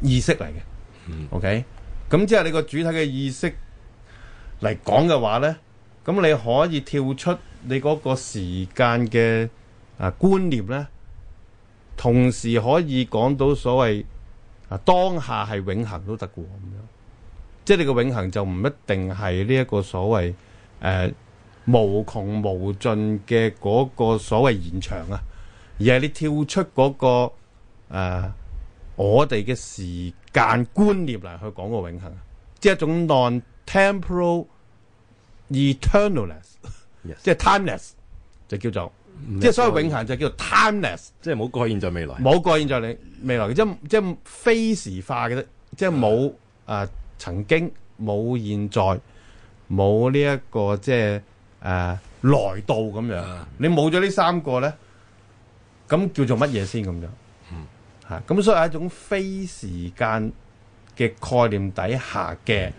[SPEAKER 4] 意識嚟嘅，嗯，OK，咁即係你個主體嘅意識嚟講嘅話呢，咁你可以跳出你嗰個時間嘅啊觀念呢，同時可以講到所謂啊當下係永恒都得過咁樣，即係你個永恒就唔一定係呢一個所謂誒。啊無窮無盡嘅嗰個所謂延長啊，而係你跳出嗰，那個誒、呃、我哋嘅時間觀念嚟去講個永恆，即係一種 non-temporal eternalness，Yes. 即係 timeless，就叫做 Yes. 即係所謂永恆就叫做 timeless，即係冇過去、現在、未來，冇過去、現在、未未來，即係即係非時化嘅啫，即係冇誒曾經冇現在冇呢一個即係。誒、啊，來到咁樣，你冇咗呢三個咧，咁叫做乜嘢先咁樣？嗯，吓、啊，咁所以係一種非時間嘅概念底下嘅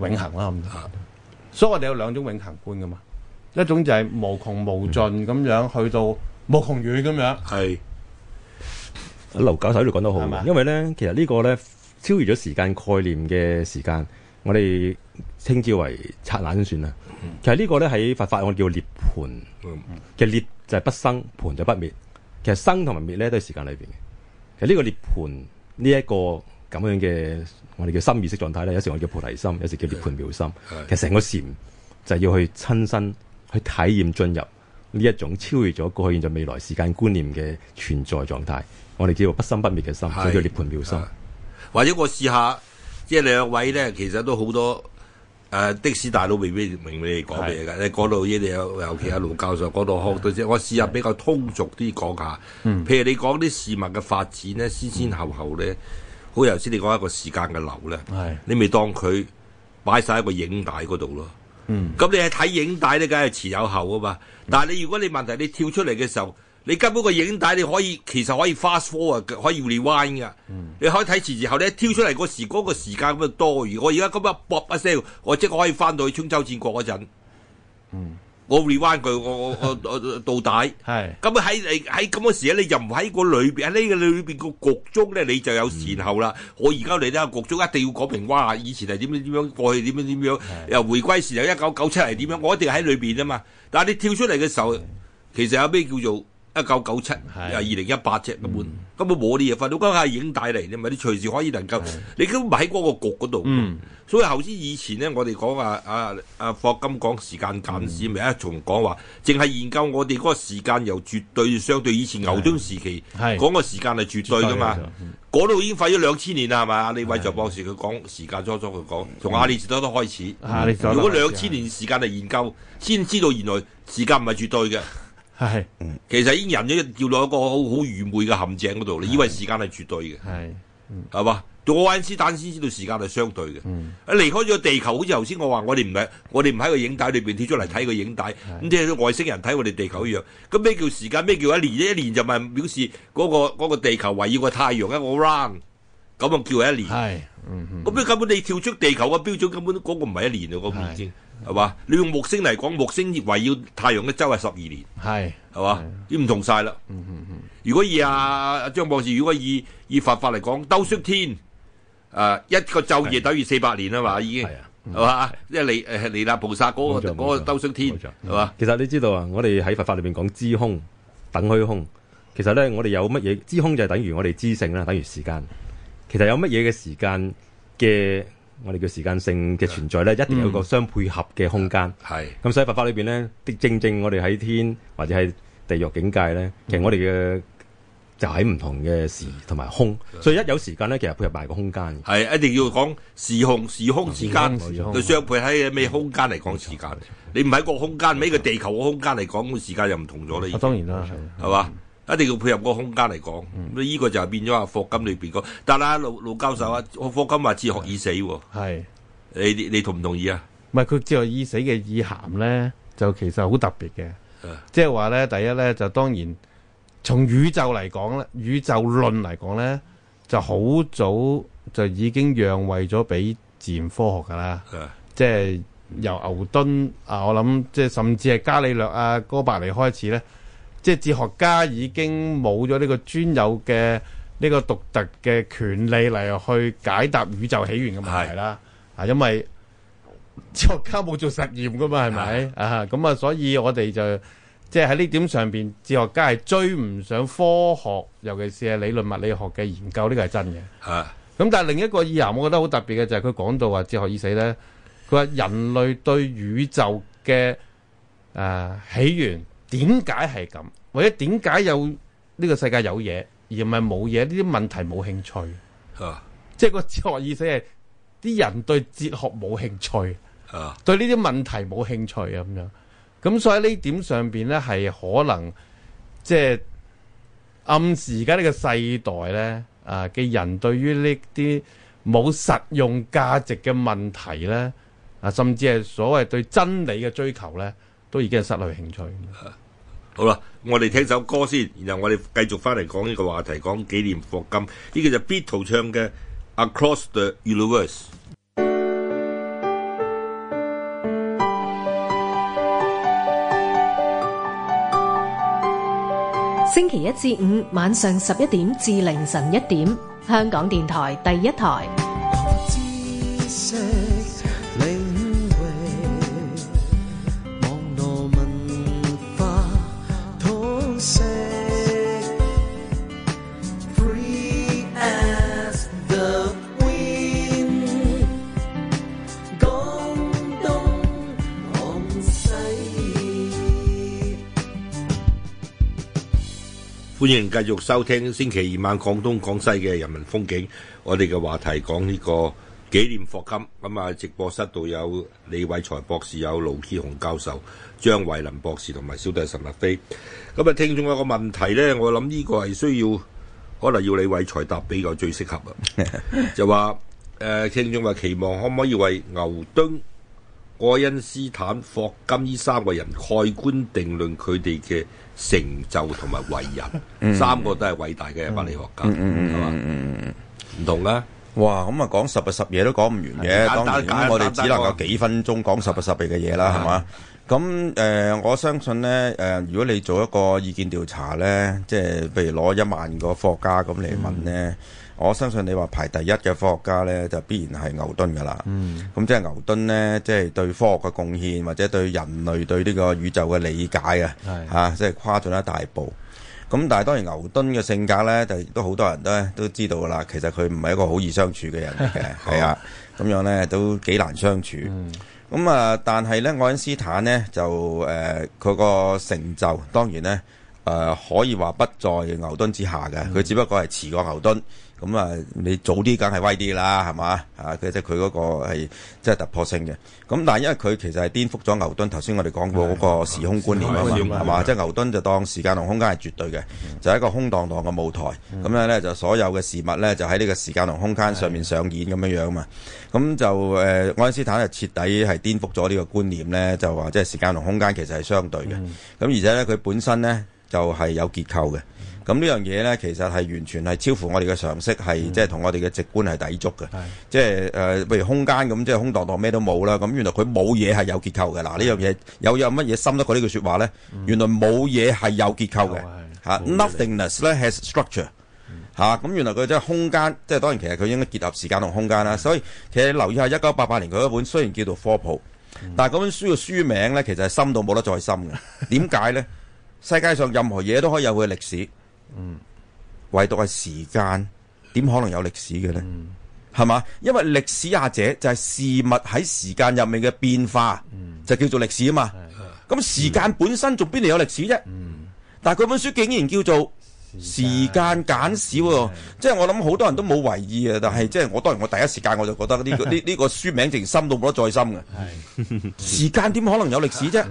[SPEAKER 4] 永恒啦、啊，咁、嗯、啊。所以我哋有兩種永恒觀噶嘛，一種就係無窮無盡咁樣去到無窮遠咁樣。係，劉教授喺度講得好，係唔係？因為咧，其實個呢
[SPEAKER 1] 個咧超越咗時間概念嘅時間。我哋稱之為剎那先算啦。其實呢個咧喺佛法我哋叫涅盤，
[SPEAKER 2] 其
[SPEAKER 1] 實涅就係不生，盤就不滅。其實生同埋滅咧都係時間裏邊嘅。其實呢個涅盤呢一個咁樣嘅我哋叫深意識狀態咧，有時我哋叫菩提心，有時叫涅盤妙心。其實成個禪就係要去親身去體驗進入呢一種超越咗過去、現在、未來時間觀念嘅存在狀態。我哋叫不生不滅嘅心，就叫涅盤妙心。
[SPEAKER 2] 或者我試下。即係兩位咧，其實都好多誒、呃，的士大佬未必明白你講嘢嘅。你講到嘢，你有尤其阿盧教授講、嗯、到好我試下比較通俗啲講下。嗯，譬如你講啲事物嘅發展咧，先先後後咧、嗯，好頭先你講一個時間嘅流咧，係你咪當佢擺晒喺個影帶嗰度咯。嗯，咁你係睇影帶你梗係持有後啊嘛。但係你如果你問題你跳出嚟嘅時候，你根本個影帶你可以其實可以 fast forward，可以 rewind 噶，你可以睇前後咧，跳出嚟嗰時嗰個時間咁多餘。如果而家咁啊，播啊 sell，我即刻可以翻到去春秋戰國嗰陣，我 rewind 佢，我我我倒帶。係咁啊，喺喺咁嗰時咧，你就唔喺個裏邊，喺呢個裏邊個局中咧，你就有前後啦。我而家嚟呢個局中一定要講明，哇！以前係點樣點樣，過去點樣點樣，又回歸時又一九九七係點樣，我一定喺裏邊啊嘛。但你跳出嚟嘅時候，其實有咩叫做？一九九七二零一八只咁，根本冇啲嘢，反正家下影帶嚟你咪你隨時可以能夠，你根本唔喺嗰個局嗰度、嗯。所以頭先以前咧，我哋講啊啊霍金講時間簡史，咪、嗯，從講話淨係研究我哋嗰個時間由絕對相對，以前牛頓時期講，個時間係絕對噶嘛，嗰度、嗯、已經廢咗兩千年啦，係嘛？李偉才博士佢講時間初初佢講，從亞里士多德開始，如果兩千年時間嚟研究，先、啊、知道原來時間唔係絕對嘅。
[SPEAKER 4] 係，
[SPEAKER 2] 其實已經人已經掉到一個好好愚昧嘅陷阱嗰度，你以為時間係絕對嘅，係，係嘛？愛因斯坦先知道時間係相對嘅，啊、嗯，離開咗地球，好似頭先我話，我哋唔係，我哋唔喺個影帶裏邊跳出嚟睇個影帶，咁即係外星人睇我哋地球一樣。咁咩叫時間？咩叫、那個那個、叫一年？一年就咪表示嗰個嗰個地球圍繞個太陽一個 round，咁啊叫一年。係、嗯，咁、嗯、你根本你跳出地球嘅標準，根本嗰個唔係一年啊，係嘛？你用木星嚟講，木星圍繞太陽一周係十二年，係係嘛？已經唔、啊、同晒啦、嗯嗯嗯嗯。如果以阿阿張博士，如果以以佛法嚟講，兜縮天誒、啊，一個晝夜、啊、等於四百年啊嘛，已經係嘛？即係彌誒彌勒菩薩嗰、那個嗰、那個兜縮天係
[SPEAKER 1] 嘛？其實你知道啊，我哋喺佛法裏邊講知空等虛空，其實咧我哋有乜嘢知空就係等於我哋知性啦，等於時間。其實有乜嘢嘅時間嘅？我哋嘅時間性嘅存在咧，一定有一個相配合嘅空間。係、嗯、咁，所以佛法裏邊咧，的正正我哋喺天或者喺地獄境界咧、嗯，其實我哋嘅就喺、是、唔同嘅時同埋空。所以一有時間咧，其實配合埋個空間。
[SPEAKER 2] 係一定要講時空、時空、時間，佢相配喺咩空間嚟講時間？時空時空你唔喺個空間，喺個地球嘅空間嚟講，個時間又唔同咗你、啊、當然啦，係嘛？一定要配合個空間嚟講，呢、嗯、依、這個就變咗阿霍金裏邊講，得啦，盧盧教授啊、嗯，霍金話哲學已死喎。係，你你同唔同意啊？
[SPEAKER 4] 唔係佢哲學已死嘅意涵咧，就其實好特別嘅、嗯，即係話咧，第一咧就當然從宇宙嚟講咧，宇宙論嚟講咧，就好早就已經讓位咗俾自然科學㗎啦。即、嗯、係、就是、由牛頓啊，我諗即係甚至係伽利略啊、哥白尼開始咧。即係哲學家已經冇咗呢個專有嘅呢、這個獨特嘅權利嚟去解答宇宙起源嘅問題啦。啊，因為哲學家冇做實驗噶嘛，係咪啊？咁、嗯、啊，所以我哋就即係喺呢點上邊，哲學家係追唔上科學，尤其是係理論物理學嘅研究呢個係真嘅。咁、嗯、但係另一個意義，我覺得好特別嘅就係佢講到話哲學已死咧，佢話人類對宇宙嘅誒、啊、起源，點解係咁？或者點解有呢個世界有嘢，而唔係冇嘢？呢啲問題冇興趣，
[SPEAKER 2] 吓、
[SPEAKER 4] 啊，即係個哲學意思係啲人對哲學冇興趣，吓、啊，對呢啲問題冇興趣啊咁樣。咁所以喺呢點上邊咧，係可能即係、就是、暗示而家呢個世代咧啊嘅人對於呢啲冇實用價值嘅問題咧啊，甚至係所謂對真理嘅追求咧。都已經係失去興趣。
[SPEAKER 2] 好啦，我哋聽首歌先，然後我哋繼續翻嚟講呢個話題，講紀念霍金。呢個就 Beatles 唱嘅《Across the Universe》。
[SPEAKER 1] 星期一至五晚上十一點至凌晨一點，香港電台第一台。
[SPEAKER 2] 歡迎繼續收聽星期二晚廣東廣西嘅《人民風景》，我哋嘅話題講呢個紀念霍金。咁啊，直播室度有李偉才博士、有盧傑雄教授、張惠能博士同埋小弟岑逸飛。咁啊，聽眾有個問題咧，我諗呢個係需要，可能要李偉才答比較最適合啊。就話誒、呃，聽眾話期望可唔可以為牛頓？愛因斯坦、霍金呢三個人蓋棺定論佢哋嘅成就同埋為人、 嗯，三個都係偉大嘅物理學
[SPEAKER 3] 家，係、嗯、嘛？唔、嗯、同啦，哇！咁啊，講十個十嘢都講唔完嘅，當然、嗯、我哋只能夠幾分鐘講十，個十，個十個啊十嘅嘢啦，係嘛？咁誒、呃，我相信咧，誒、呃，如果你做一個意見調查咧，即係譬如攞一萬個科學家咁嚟問咧。嗯我相信你話排第一嘅科學家呢，就必然係牛頓噶啦。嗯，咁即係牛頓呢，即、就、係、是、對科學嘅貢獻，或者對人類對呢個宇宙嘅理解啊，即係跨進一大步。咁、嗯、但係當然牛頓嘅性格呢，就都好多人都都知道噶啦。其實佢唔係一個好易相處嘅人嘅，係 啊是的，咁 樣呢，都幾難相處。咁、嗯、啊、嗯，但係呢，愛因斯坦呢，就誒，佢、呃、個成就當然呢，誒、呃，可以話不在牛頓之下嘅。佢、嗯、只不過係遲過牛頓。咁、嗯、啊，你早啲梗係威啲啦，係嘛？啊，即係佢嗰個係即係突破性嘅。咁但係因為佢其實係顛覆咗牛頓，頭先我哋講過個時空觀念啊嘛，係嘛？即係、就係、牛頓就當時間同空間係絕對嘅，就係、一個空蕩蕩嘅舞台。咁樣咧就所有嘅事物咧就喺呢個時間同空間上面上演咁樣啊，嘛。咁就誒愛因斯坦係徹底係顛覆咗呢個觀念咧，就話即係時間同空間其實係相對嘅。咁而且咧佢本身咧就係、係、有結構嘅。咁呢樣嘢呢，其實係完全係超乎我哋嘅常識，係、嗯、即係同我哋嘅直觀係抵觸嘅、嗯。即係誒，譬、呃、如空間咁，即係空蕩蕩咩都冇啦。咁原來佢冇嘢係有結構嘅嗱。呢樣嘢有有乜嘢深得過呢句說話呢？原來冇嘢係有結構嘅、嗯嗯、Nothingness has structure 嚇、嗯。咁、啊、原來佢即係空間，即係當然其實佢應該結合時間同空間啦。所以其實你留意一下一九八八年佢嗰本，雖然叫做科普，嗯、但係嗰本書嘅書名呢，其實係深到冇得再深嘅。點解呢？ 世界上任何嘢都可以有佢嘅歷史。嗯，唯獨係時間，點可能有歷史嘅咧？係嘛、嗯？因為歷史啊者就係、是、事物喺時間入面嘅變化，嗯、就叫做歷史啊嘛。咁、嗯、時間本身仲邊度有歷史啫？嗯、但係佢本書竟然叫做時間簡史，即係、啊、我諗好多人都冇為意啊。嗯、但係即係我當然我第一時間我就覺得呢、這個呢呢 個書名簡直深到冇得再深嘅。嗯、
[SPEAKER 4] 時
[SPEAKER 3] 間點可能有歷史啫？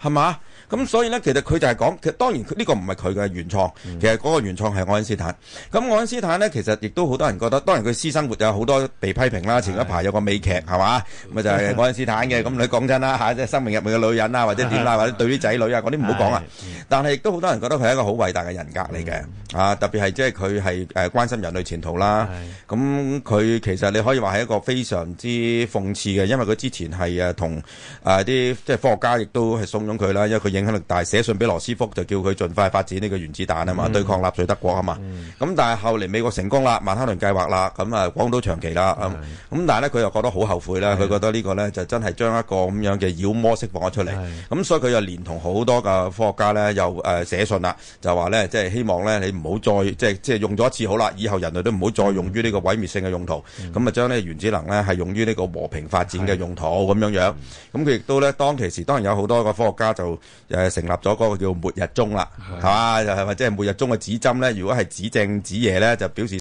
[SPEAKER 3] 係嘛？咁、嗯、所以呢，其實佢就係講，其實當然呢個唔係佢嘅原創，其實嗰個原創係愛因斯坦。咁愛因斯坦呢，其實亦都好多人覺得，當然佢私生活有好多被批評啦。前一排有個美劇係嘛？咪就係愛因斯坦嘅。咁 你講真啦嚇，即、啊、係、就是、生命入面嘅女人啦，或者點啦，或者對啲仔女啊嗰啲唔好講啊。但係亦都好多人覺得佢係一個好偉大嘅人格嚟嘅、嗯、啊，特別係即係佢係誒關心人類前途啦。咁佢、啊嗯嗯嗯嗯、其實你可以話係一個非常之諷刺嘅，因為佢之前係誒同誒啲即係科學家亦都係慫恿佢啦，因為佢影響力大，寫信俾羅斯福就叫佢盡快發展呢個原子彈啊嘛、嗯，對抗納粹德國啊嘛。咁、嗯、但係後嚟美國成功啦，曼哈頓計劃啦，咁啊廣島長期啦，咁、嗯、但係呢，佢又覺得好後悔啦，佢覺得呢個呢，就真係將一個咁樣嘅妖魔釋放咗出嚟，咁所以佢又連同好多個科學家呢，又誒寫信啦，就話呢，即係希望呢，你唔好再即係即係用咗一次好啦，以後人類都唔好再用於呢個毀滅性嘅用途，咁啊將呢原子能呢，係用於呢個和平發展嘅用途咁樣樣。咁佢亦都呢，當其時當然有好多個科學家就。就是、成立咗嗰個叫末日鐘啦，係嘛？就係或者係末日鐘嘅指針咧，如果係指正指夜咧，就表示。